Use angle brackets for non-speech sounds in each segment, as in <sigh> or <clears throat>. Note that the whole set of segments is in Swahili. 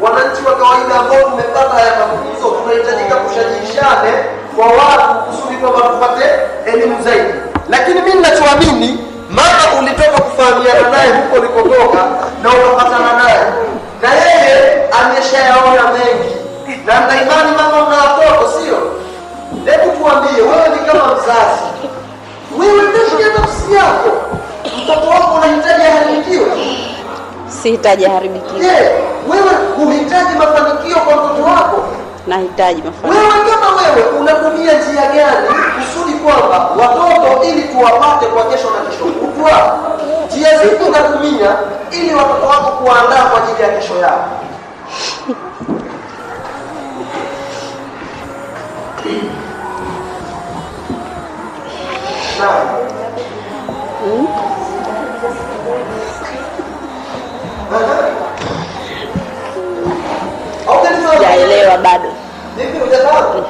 Wananchi wa kawaida ambao tumepata ya mafunzo, tunahitajika kushajishane kwa watu kusudi kwamba tupate elimu zaidi, lakini mimi ninachoamini, mama ulitoka kufahamiana naye huko ulikotoka na ukapatana naye na yeye ameshayaona mengi, na nina imani mama na watoto, sio? Hebu tuambie, wewe ni kama mzazi, wewe tashiatafsi yako Mtoto wako unahitaji aharibikiwe? Sihitaji aharibikiwe. Je, wewe huhitaji mafanikio kwa mtoto wako? Nahitaji mafanikio. Wewe kama wewe unatumia njia gani kusudi kwamba watoto ili tuwapate kwa kesho na kesho kutwa? Njia zipi unatumia ili watoto wako kuandaa kwa ajili ya kesho yao? <laughs> Sijaelewa bado. Vipi hujafahamu?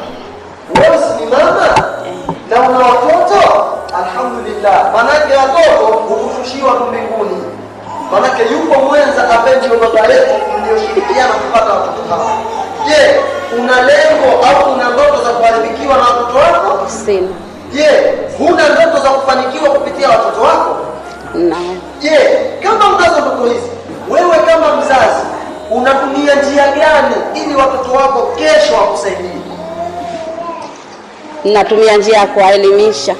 Wewe si mama na una watoto? Alhamdulillah, manake watoto hukushushiwa mbinguni, manake yupo mwenza ambaye ndio baba yetu mlioshirikiana kupata watoto hao. Je, una lengo au una ndoto za kuharibikiwa na watoto wako? Sina. Je, huna ndoto za kufanikiwa kupitia watoto wako? Naam. Je, kama unazo ndoto hizi unatumia njia gani ili watoto wako kesho wakusaidie? Natumia njia ya kuwaelimisha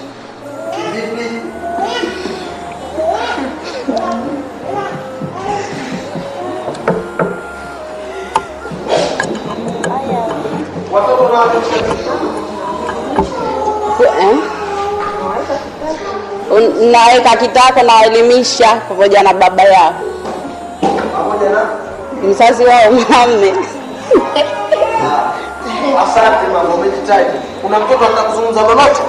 eh? naweka kitako, nawaelimisha pamoja na baba yao mzazi wao mwanamume. Asante mama, umejitahidi. Kuna mtoto atakuzungumza lolote?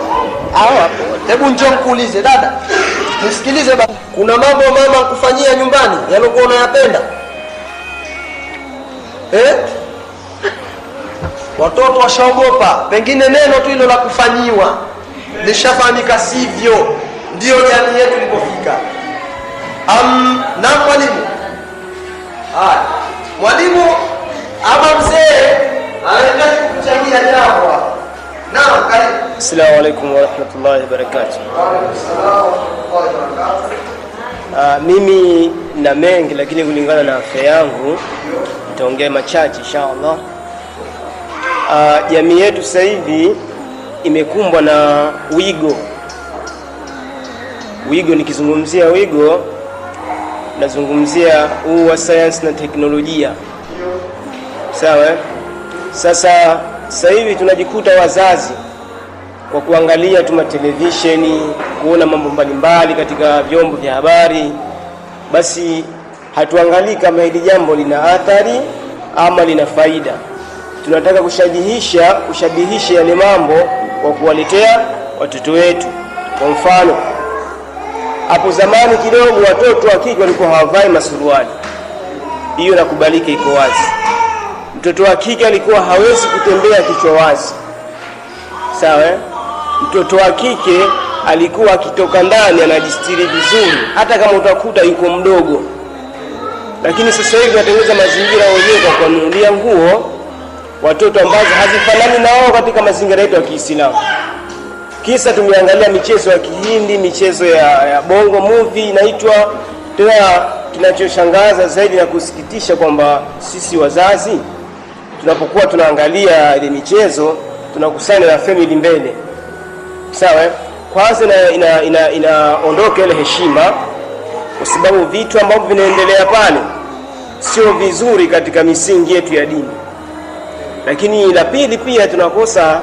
Hawa. Hebu njoo nikuulize dada. Nisikilize baba. Kuna mambo mama kufanyia nyumbani yalokuwa unayapenda? Eh? Watoto washaogopa, pengine neno tu hilo la kufanyiwa lishafahamika, sivyo? Ndiyo jamii yetu ilipofika. Um, na mwalimu haya Mwalimu ama mzee anahitaji kuchangia jambo Naam, karibu. Asalamu alaykum wa rahmatullahi wa barakatuh. Uh, mimi na mengi lakini kulingana na afya yangu nitaongea machache inshallah. Uh, jamii yetu sasa hivi imekumbwa na wigo. Wigo, nikizungumzia wigo nazungumzia huu wa sayansi na teknolojia, sawa. Eh? Sasa sasa hivi tunajikuta wazazi kwa kuangalia tu matelevisheni, kuona mambo mbalimbali katika vyombo vya habari, basi hatuangalii kama hili jambo lina athari ama lina faida. Tunataka kushajihisha kushabihisha yale mambo kwa kuwaletea watoto wetu, kwa mfano hapo zamani kidogo watoto wa kike walikuwa hawavai masuruali, hiyo nakubalika, iko wazi. Mtoto wa kike alikuwa hawezi kutembea kichwa wazi, sawa. Eh? Mtoto wa kike alikuwa akitoka ndani anajistiri vizuri, hata kama utakuta yuko mdogo. Lakini sasa hivi watengeneza mazingira wenyewe kwa kuwanunulia nguo watoto ambazo hazifanani na wao katika mazingira yetu ya Kiislamu. Kisa tumeangalia michezo ya Kihindi, michezo ya, ya bongo movie inaitwa tena. Kinachoshangaza zaidi na kusikitisha kwamba sisi wazazi tunapokuwa tunaangalia ile michezo tunakusanya na family mbele, sawa. Kwanza inaondoka ina, ina, ina ile heshima, kwa sababu vitu ambavyo vinaendelea pale sio vizuri katika misingi yetu ya dini. Lakini la pili pia tunakosa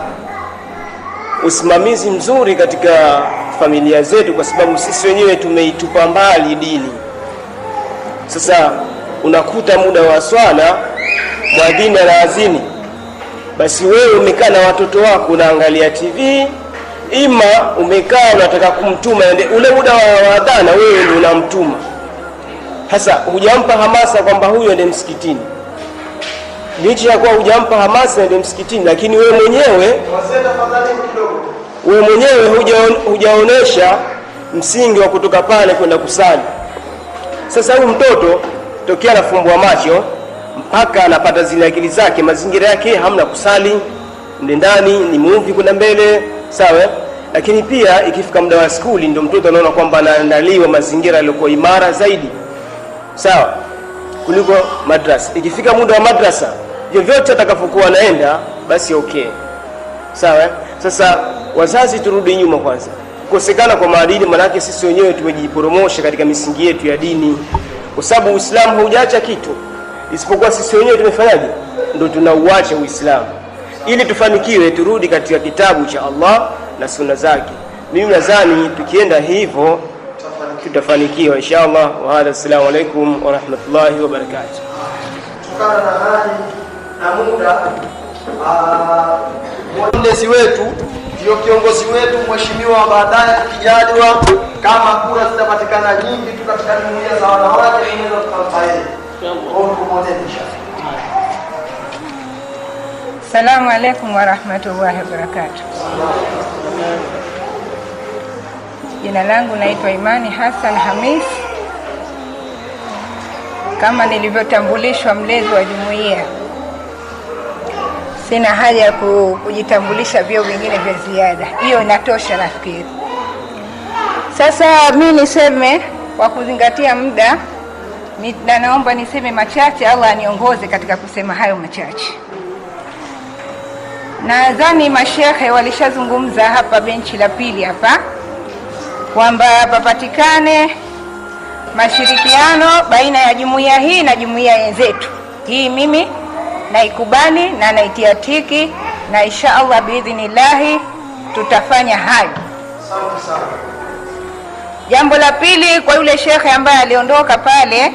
usimamizi mzuri katika familia zetu, kwa sababu sisi wenyewe tumeitupa mbali dini. Sasa unakuta muda wa swala mwadhini anaazini, basi wewe umekaa na watoto wako unaangalia TV, ima umekaa unataka kumtuma ende, ule muda wa adhana wewe ndio unamtuma. Sasa hujampa hamasa kwamba huyo ende msikitini licha ya kuwa hujampa hamasa ende msikitini, lakini wewe mwenyewe wewe mwenyewe hujaonesha msingi wa kutoka pale kwenda kusali. Sasa huyu mtoto tokea anafumbua macho mpaka anapata zile akili zake, mazingira yake hamna kusali mle ndani, ni muvi kwenda mbele, sawa. Lakini pia ikifika muda wa skuli, ndio mtoto anaona kwamba anaandaliwa mazingira yaliyokuwa imara zaidi, sawa, kuliko madrasa. Ikifika muda wa madrasa vyovyote atakapokuwa anaenda basi okay. Sawa. Eh? Sasa wazazi, turudi nyuma kwanza. Kukosekana kwa maadili, manake sisi wenyewe tumejiporomosha katika misingi yetu ya dini, kwa sababu Uislamu haujaacha kitu, isipokuwa sisi wenyewe tumefanyaje? Ndio tunauacha Uislamu. Ili tufanikiwe, turudi katika kitabu cha Allah na sunna zake. Mimi nadhani tukienda hivyo tutafanikiwa insha Allah. Wa hadha, assalamu alaikum warahmatullahi wabarakatuh mlezi wetu ndio kiongozi wetu mheshimiwa baadaye, tukijaliwa kama kura zitapatikana nyingi tu katika jumuiya za wanawake, tunaweza tukampa yeye. Salamu alaikum warahmatullahi wabarakatuh. Jina langu naitwa Imani Hassan Hamis. Kama nilivyotambulishwa, mlezi wa jumuiya Sina haja ya kujitambulisha vyeo vingine vya ziada, hiyo inatosha nafikiri. Sasa mi niseme kwa kuzingatia muda ni, na naomba niseme machache. Allah aniongoze katika kusema hayo machache. Nadhani mashehe walishazungumza hapa benchi la pili hapa kwamba papatikane mashirikiano baina ya jumuiya hii na jumuiya yenzetu hii mimi naikubali na naitia tiki na insha Allah biidhnillahi tutafanya hayo. Jambo la pili, kwa yule shekhe ambaye aliondoka pale,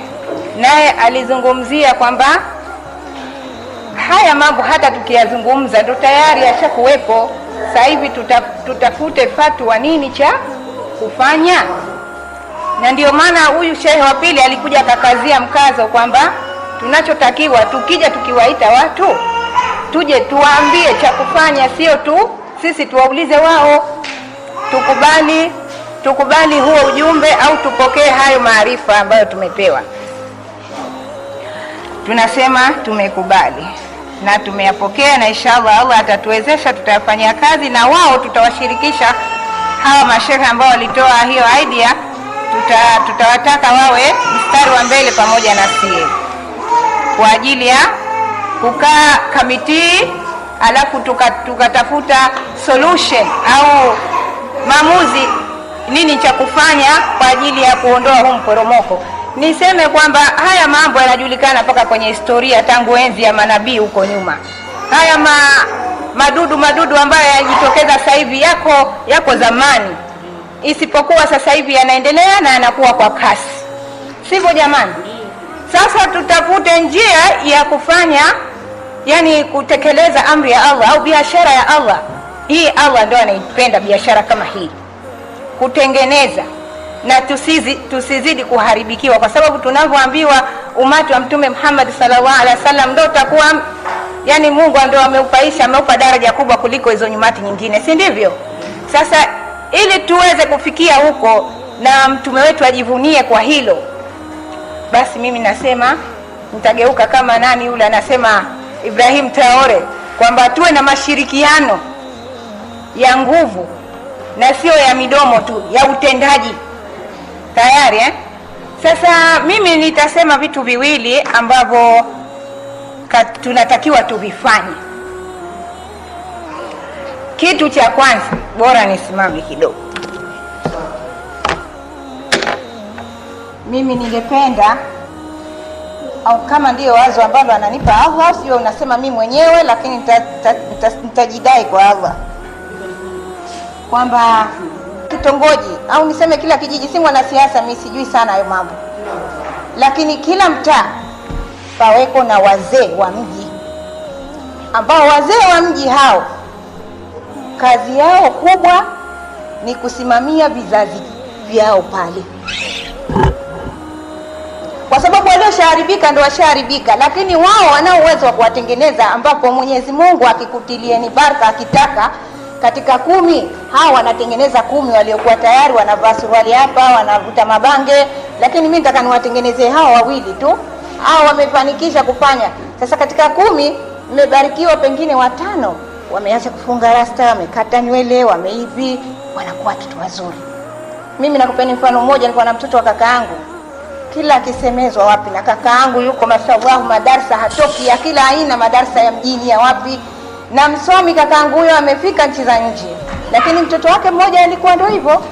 naye alizungumzia kwamba haya mambo hata tukiyazungumza ndo tayari yashakuwepo. Sasa hivi tuta, tutafute fatwa nini cha kufanya, na ndio maana huyu shehe wa pili alikuja akakazia mkazo kwamba Tunachotakiwa tukija tukiwaita watu tuje tuwaambie cha kufanya, sio tu sisi tuwaulize wao. Tukubali, tukubali huo ujumbe au tupokee hayo maarifa ambayo tumepewa. Tunasema tumekubali na tumeyapokea, na inshallah Allah atatuwezesha, tutayafanyia kazi, na wao tutawashirikisha hawa mashehe ambao walitoa hiyo idea, tuta tutawataka wawe mstari wa mbele pamoja na sie kwa ajili ya kukaa kamiti, alafu tukatafuta tuka solution au maamuzi, nini cha kufanya kwa ajili ya kuondoa huu mporomoko. Niseme kwamba haya mambo yanajulikana mpaka kwenye historia tangu enzi ya manabii huko nyuma. Haya ma, madudu madudu ambayo yanajitokeza sasa hivi yako yako zamani, isipokuwa sasa hivi yanaendelea na yanakuwa kwa kasi, sivyo jamani? Sasa tutafute njia ya kufanya yani kutekeleza amri ya Allah au biashara ya Allah. Hii Allah ndio anaipenda biashara kama hii, kutengeneza na tusizi, tusizidi kuharibikiwa, kwa sababu tunavyoambiwa umati wa Mtume Muhammad sallallahu alaihi wasallam ndio utakuwa yani, Mungu ndio ameupaisha, ameupa daraja kubwa kuliko hizo nyumati nyingine, si ndivyo? Sasa ili tuweze kufikia huko na mtume wetu ajivunie kwa hilo basi mimi nasema nitageuka kama nani yule anasema Ibrahim Traore kwamba tuwe na mashirikiano ya nguvu na sio ya midomo tu, ya utendaji tayari eh? Sasa mimi nitasema vitu viwili ambavyo tunatakiwa tuvifanye. Kitu cha kwanza, bora nisimame kidogo. mimi ningependa au kama ndiyo wazo ambalo ananipa Allah, sio unasema mimi mwenyewe, lakini nitajidai kwa Allah kwamba kitongoji au niseme kila kijiji, si mwanasiasa mimi, sijui sana hayo mambo, lakini kila mtaa paweko na wazee wa mji, ambao wazee wa mji hao kazi yao kubwa ni kusimamia vizazi vyao pale kwa sababu walioshaharibika ndio washaharibika, lakini wao wanao uwezo wa kuwatengeneza, ambapo Mwenyezi Mungu akikutilieni baraka akitaka katika kumi hawa wanatengeneza kumi waliokuwa tayari wanavaa suruali hapa, wanavuta mabange, lakini mimi nataka niwatengenezee hawa wawili tu, hawa wamefanikisha kufanya. Sasa katika kumi mmebarikiwa, pengine watano wameacha kufunga rasta, wamekata nywele, wameivi, wanakuwa watoto wazuri. Mimi nakupeni mfano mmoja, nilikuwa na mtoto wa kaka yangu kila akisemezwa wapi, na kakaangu yuko mashallah madarsa hatoki ya kila aina, madarsa ya mjini ya wapi, na msomi yangu huyo amefika nchi za nje, lakini mtoto wake mmoja alikuwa ndio hivyo,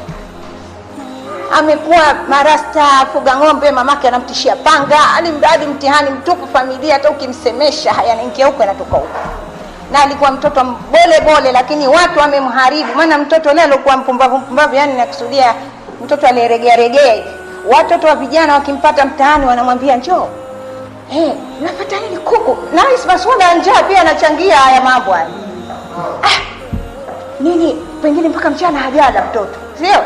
amekuwa marasta, afuga ng'ombe, mamake anamtishia panga, alimradi mtihani mtupu, familia hata ukimsemesha yanaingia huko yanatoka huko, na alikuwa mtoto bole bole, lakini watu wamemharibu. Maana mtoto leo alikuwa mpumbavu mpumbavu, yani nakusudia mtoto aliyeregea regea hivi watoto wa vijana wakimpata mtaani wanamwambia njoo, hey, eh, napata nini kuku na masuala ya njaa pia anachangia haya mambo haya ah, nini, pengine mpaka mchana hajala mtoto, sio?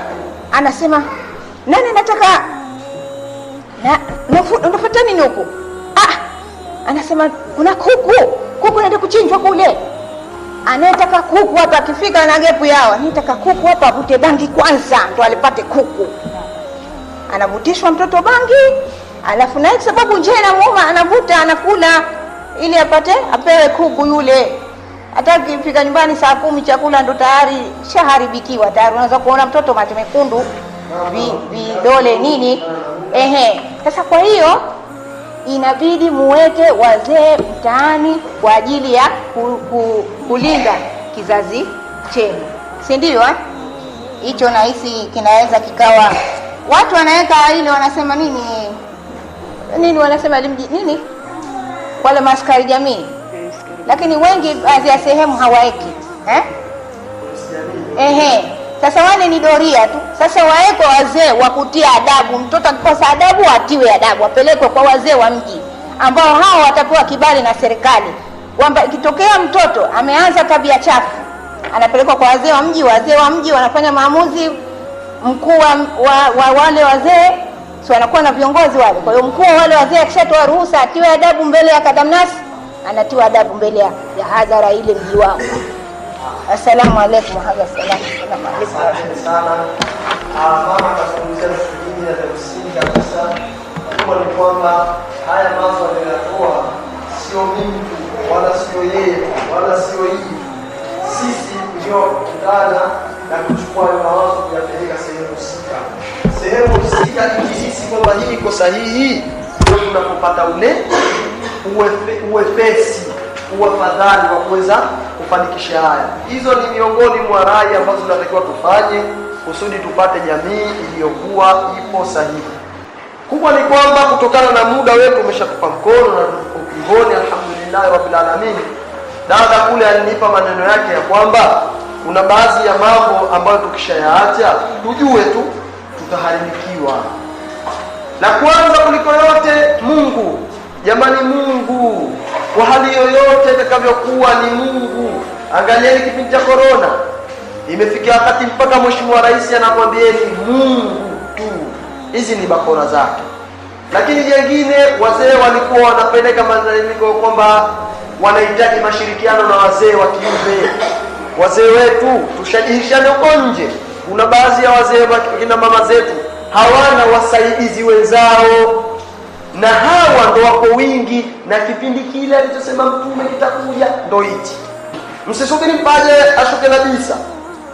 Anasema nani, nataka nafuta nini huku ah, anasema kuna kuku, kuku naenda kuchinjwa kule anayetaka kuku hapa akifika na gepu yao, nitaka kuku hapa, avute bangi kwanza ndo alipate kuku anavutishwa mtoto bangi, alafu naye sababu njia inamuuma anavuta anakula, ili apate apewe kuku yule. Hata kifika nyumbani saa kumi chakula ndo tayari shaharibikiwa tayari, unaweza kuona mtoto macho mekundu, vidole nini, ehe. Sasa kwa hiyo inabidi muweke wazee mtaani kwa ajili ya kulinda kizazi chenu, si ndio? Eh? Hicho nahisi kinaweza kikawa watu wanaweka ile wanasema nini nini, wanasema limji nini, wale maskari jamii, lakini wengi baadhi ya sehemu hawaweki eh? Ehe, sasa wale ni doria tu. Sasa wawekwe wazee wa kutia adabu, mtoto akikosa adabu atiwe adabu, apelekwe kwa wazee wa mji ambao hao watapewa kibali na serikali kwamba ikitokea mtoto ameanza tabia chafu anapelekwa kwa wazee wa mji. Wazee wa mji wanafanya maamuzi mkuu wa, wa, wa wale wazee si wanakuwa na viongozi wale. Kwa hiyo mkuu wa wale wazee akishatoa ruhusa atiwe adabu mbele ya kadamnasi, anatiwa adabu mbele ya hadhara ile mji wao. Asalamu alaykum ni kwamba haya mambo yanatoa sio mimi wala sio yeye wala sio hii, sisi ndio ndana na kuchukua hayo mawazo kuyapeleka sehemu husika. Sehemu husika ikihisi kwamba hii iko sahihi, ndio tunapopata ule uwepesi uwafadhali wa kuweza kufanikisha haya. Hizo ni miongoni mwa rai ambazo tunatakiwa tufanye kusudi tupate jamii iliyokuwa ipo sahihi. Kubwa ni kwamba kutokana na muda wetu umeshatupa mkono na ukingoni, alhamdulillahi rabbil alamin. Dada kule alinipa maneno yake ya kwamba kuna baadhi ya mambo ambayo tukishayaacha tujue tu tutaharibikiwa. La kwanza kuliko yote Mungu. Jamani, Mungu kwa hali yoyote itakavyokuwa ni Mungu. Angalieni kipindi cha korona, imefikia wakati mpaka mheshimiwa rais anamwambieni Mungu tu. Hizi ni bakora zake. Lakini jengine, wazee walikuwa wanapeleka malalamiko kwamba wanahitaji mashirikiano na wazee wa kiume wazee wetu tushajihishane huko nje. Kuna baadhi ya wazee wakina mama zetu hawana wasaidizi wenzao, na hawa ndo wako wingi, na kipindi kile alichosema Mtume kitakuja ndo hichi. Msisubiri mpaje ashuke kabisa,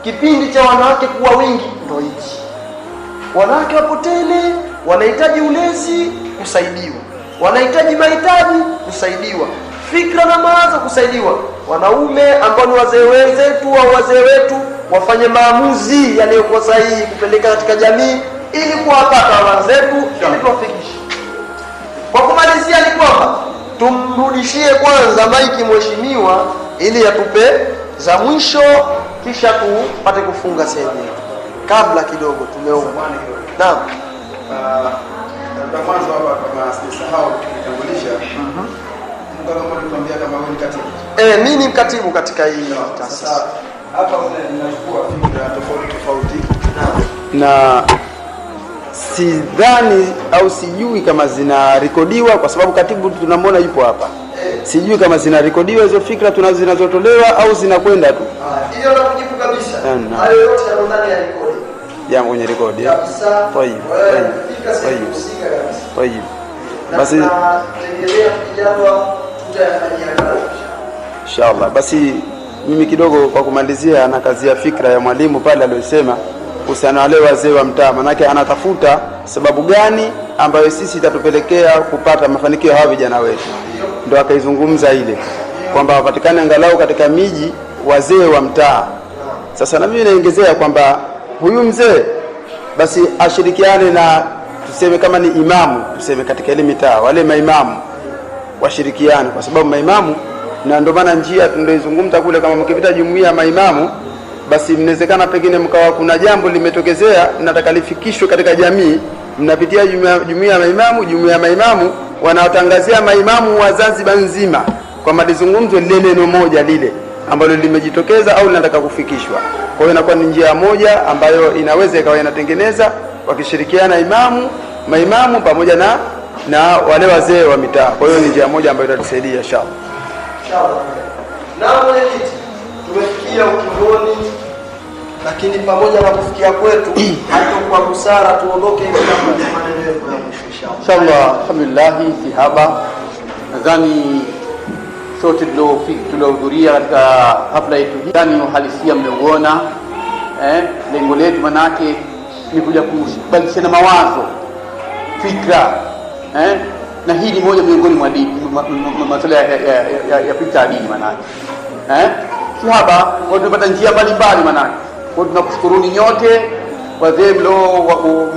kipindi cha wanawake kuwa wingi ndo hichi. Wanawake wapotele wanahitaji ulezi kusaidiwa, wanahitaji mahitaji kusaidiwa, fikra na mawazo kusaidiwa wanaume ambao ni wazee wenzetu au wazee wetu wafanye maamuzi yaliyokuwa sahihi kupeleka katika jamii ili kuwapata wenzetu ili tuwafikishe. Kwa kumalizia, ni kwamba tumrudishie kwanza maiki mheshimiwa ili yatupe za mwisho, kisha tupate kufunga sehemu kabla kidogo. Tumeomba naam ah, mwanzo hapa, kama sisahau kutambulisha, Mungu mhm. anakuambia kama wewe ni katibu eh, nini ni mkatibu katika hii taasisi hapa. fikra tofauti tofauti na sidhani au sijui kama zinarekodiwa kwa sababu katibu tunamwona yupo hapa. E. Sijui kama zinarekodiwa hizo fikra tunazo zinazotolewa au zinakwenda tu kwenye rekodi. Basi inshallah. Basi mimi kidogo kwa kumalizia, na kazi ya fikra ya mwalimu pale aliyosema kuhusiana wale wazee wa mtaa, manake anatafuta sababu gani ambayo sisi itatupelekea kupata mafanikio hawa vijana wetu, ndo akaizungumza ile kwamba wapatikane angalau katika miji wazee wa mtaa. Sasa na mimi naongezea kwamba huyu mzee basi ashirikiane na tuseme kama ni imamu, tuseme katika ile mitaa wale maimamu washirikiane, kwa sababu maimamu na ndio maana njia tunaoizungumza kule, kama mkipita jumuiya ya maimamu, basi mnawezekana pengine mkawa kuna jambo limetokezea, nataka lifikishwe katika jamii, mnapitia jumuiya ya maimamu. Jumuiya ya maimamu wanawatangazia maimamu wa Zanzibar nzima kwa lizungumzwe lile neno moja lile ambalo limejitokeza au linataka kufikishwa. Kwa hiyo inakuwa ni njia moja ambayo inaweza ikawa inatengeneza wakishirikiana imamu maimamu pamoja na, na wale wazee wa mitaa. Kwa hiyo ni njia moja ambayo itatusaidia inshallah. Na mwenyekiti, tumefikia ukingoni, lakini pamoja na kufikia kwetu <clears throat> hatukuwa busara tuondoke inshallah. Alhamdulillah, si haba, nadhani sote tuliohudhuria katika hafla yetu hii, nadhani uhalisia mmeuona. Eh, lengo letu manake ni kuja kubadilishana mawazo, fikra eh na hii ni moja miongoni mwa masuala ya kuita dini manake eh? Swahaba tumepata njia mbalimbali manake kwa tunakushukuruni nyote wazee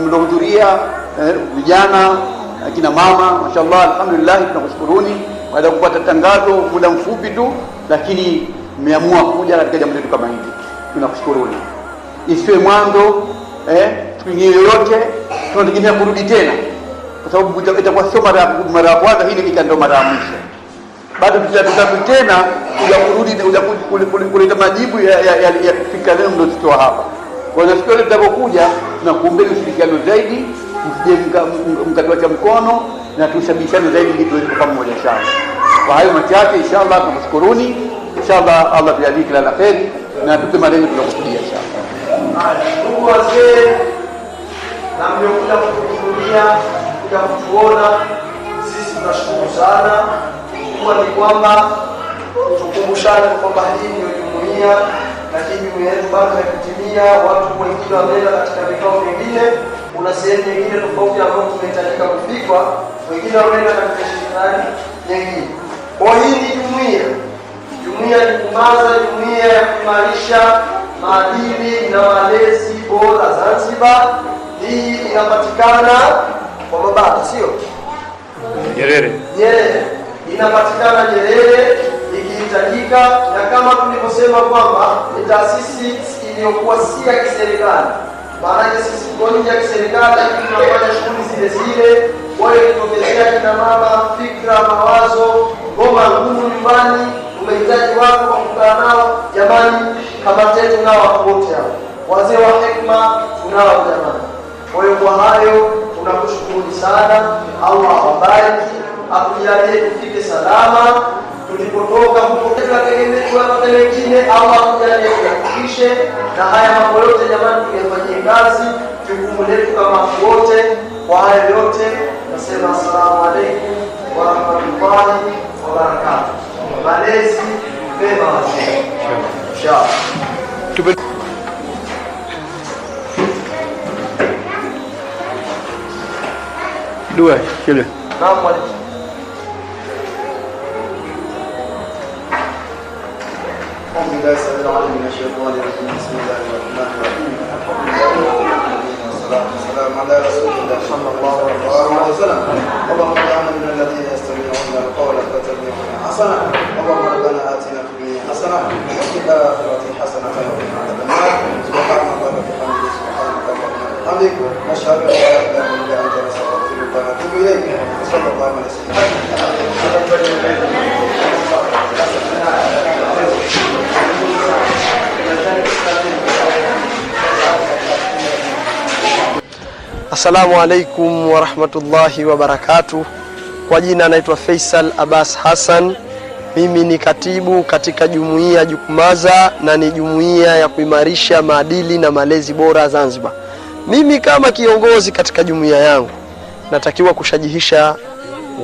mlohudhuria eh, vijana eh, mama, mashallah, alhamdulillah, tunakushukuruni baada ya kupata tangazo muda mfupi tu, lakini mmeamua kuja katika jambo letu kama hili, tunakushukuruni. Isiwe mwanzo eh, siku yoyote tunategemea kurudi tena sababu itakuwa sio mara mara ya kwanza, hii ni ndio mara ya mwisho. Bado tutatabu tena kuja kurudi kuleta majibu ya fikra zenu mlozitoa hapa. Kwa hiyo siku ile tutakokuja, tunakuombeni ushirikiano zaidi, msije mkatuacha mkono na tushabishane zaidi, ili tuweze kuwa pamoja sana. Kwa hayo machache, inshallah tukushukuruni, inshallah Allah tujalie kila la kheri na tupe malengo tunakusudia inshallah. Wazee na mliokuja kuhudhuria kutuona sisi tunashukuru sana. Kubwa ni kwamba tukumbushane kwamba hii ndio jumuiya, lakini jumuiya yetu bado haijatimia. Watu wengine wameenda katika vikao vingine, kuna sehemu nyingine tofauti ambayo tumehitajika kufikwa, wengine wameenda katika shirikani nyingine. Kwa hii ni jumuiya, jumuiya ni kumaza jumuiya ya kuimarisha maadili na malezi bora Zanzibar. Hii inapatikana kwa mabano, sio Nyerere. Nyerere inapatikana Nyerere ikihitajika, na kama tulivyosema kwamba ni taasisi iliyokuwa si ya kiserikali, maanake sisi tuko nje ya kiserikali, lakini tunafanya shughuli zile zile wale kutokezea kina mama fikra, mawazo, ngoma ngumu nyumbani, umehitaji wako kwa kukaa nao. Jamani, kamatetu nao wote hao, wazee wa hekma tunao jamani. Kwa hiyo kwa hayo tunakushukuru sana. Allah awabariki, akujalie tufike salama tulipotoka huko, tunategemea hapa mengine. Allah akujalie tuyafikishe, na haya mambo yote jamani, tuyafanyie kazi, jukumu letu kama wote. Kwa haya yote nasema asalamu alaykum wa rahmatullahi wa barakatuh. Malezi mema wazee, inshallah. Dua, sila. Assalamualaikum. أعوذ بالله السميع العليم من الشيطان الرجيم بسم الله الرحمن الرحيم الحمد لله والصلاة والسلام على رسول الله صلى الله عليه وسلم اللهم اجعلنا من الذين يستمعون القول فتبعون حسنة اللهم ربنا آتنا في الدنيا حسنة وفي الآخرة حسنة وقنا عذاب النار سبحان الله وبحمده سبحانك اللهم وبحمدك نشهد أن لا إله إلا أنت Assalamu alaikum warahmatullahi wabarakatuh. Kwa jina naitwa Faisal Abbas Hassan. Mimi ni katibu katika jumuiya Jukumaza na ni jumuiya ya kuimarisha maadili na malezi bora Zanzibar. Mimi kama kiongozi katika jumuiya yangu natakiwa kushajihisha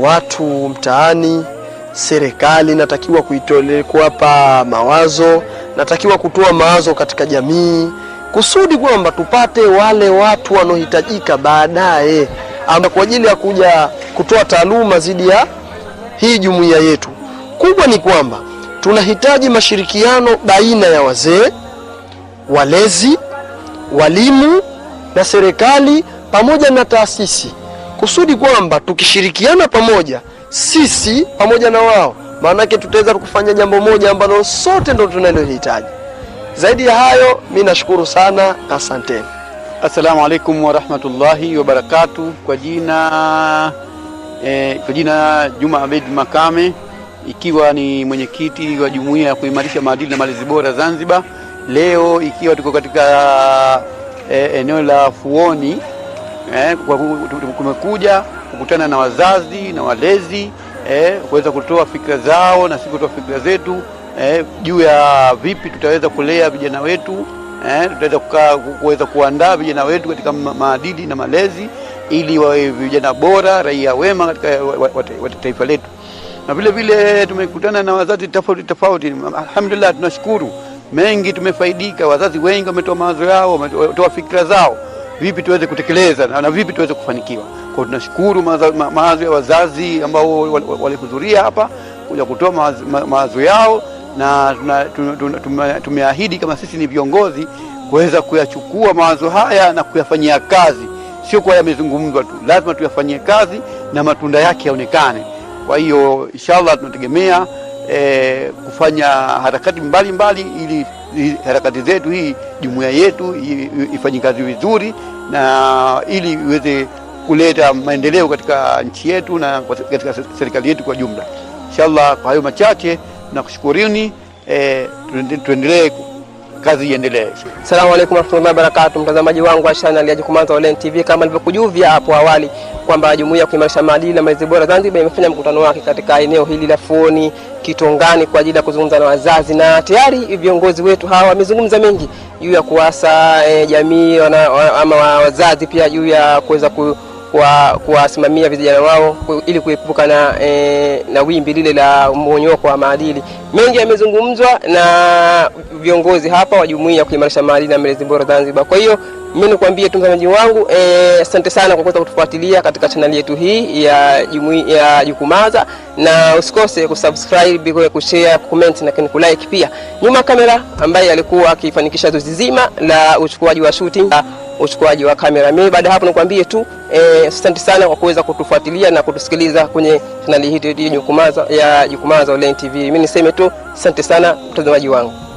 watu mtaani, serikali natakiwa kuitolea, kuwapa mawazo, natakiwa kutoa mawazo katika jamii kusudi kwamba tupate wale watu wanaohitajika baadaye kwa ajili ya kuja kutoa taaluma zidi ya hii jumuiya yetu. Kubwa ni kwamba tunahitaji mashirikiano baina ya wazee, walezi, walimu na serikali pamoja na taasisi kusudi kwamba tukishirikiana pamoja sisi pamoja na wao, maanake tutaweza kufanya jambo moja ambalo sote ndo tunalohitaji. Zaidi ya hayo, mi nashukuru sana, asanteni. Assalamu alaikum warahmatullahi wabarakatu. Kwa jina eh, kwa jina Juma Abed Makame, ikiwa ni mwenyekiti wa jumuiya ya kuimarisha maadili na malezi bora Zanzibar. Leo ikiwa tuko katika eh, eneo la Fuoni eh, kumekuja kukutana na wazazi na walezi eh, kuweza kutoa fikra zao na sisi kutoa fikra zetu eh, juu ya vipi tutaweza kulea vijana wetu eh, tutaweza kuweza kuandaa vijana wetu katika maadili na malezi ili wawe vijana bora, raia wema katika taifa letu. Na vile vile tumekutana na wazazi tofauti tofauti. Alhamdulillah, tunashukuru mengi tumefaidika. Wazazi wengi wametoa mawazo yao, wametoa fikra zao vipi tuweze kutekeleza na vipi tuweze kufanikiwa. Kwa tunashukuru mawazo ya wazazi ambao walihudhuria hapa kuja kutoa mawazo yao, na tumeahidi kama sisi ni viongozi kuweza kuyachukua mawazo haya na kuyafanyia kazi, sio kuwa yamezungumzwa tu, lazima tuyafanyie kazi na matunda yake yaonekane. Kwa hiyo inshallah tunategemea e, kufanya harakati mbalimbali mbali, ili harakati zetu hii jumuiya yetu ifanye kazi vizuri na ili iweze kuleta maendeleo katika nchi yetu na katika serikali yetu kwa jumla. Inshallah, kwa hayo machache na kushukurini, e, eh, tuendelee kazi iendelee. Asalamu alaykum warahmatullahi wabarakatuh, mtazamaji wangu wa channel ya Jukumanza Online TV, kama nilivyokujuvia hapo awali kwamba jumuiya ya kuimarisha maadili na malezi bora Zanzibar imefanya mkutano wake katika eneo hili la Fuoni Kitongani kwa ajili ya kuzungumza na wazazi, na tayari viongozi wetu hawa wamezungumza mengi juu ya kuasa e, jamii ama wazazi pia juu ya kuweza ku kuwasimamia vijana wao ili kuepuka na, e, na wimbi lile la mmonyoko wa maadili. Mengi yamezungumzwa na viongozi hapa wa jumuiya ya kuimarisha maadili na malezi bora Zanzibar. Kwa hiyo mimi nikwambie tu mtazamaji wangu, e, asante e, sana kwa kuweza kutufuatilia katika chaneli yetu hii ya jumuiya ya Jukumaza, na usikose kusubscribe, kushare, comment na kulike pia. Nyuma kamera ambaye alikuwa akifanikisha zoezi zima la uchukuaji wa shooting uchukuaji wa kamera. Mimi baada hapo nikwambie tu e, asante sana kwa kuweza kutufuatilia na kutusikiliza kwenye chaneli hii ya Jukumaza Online TV. Mimi niseme tu asante sana mtazamaji wangu.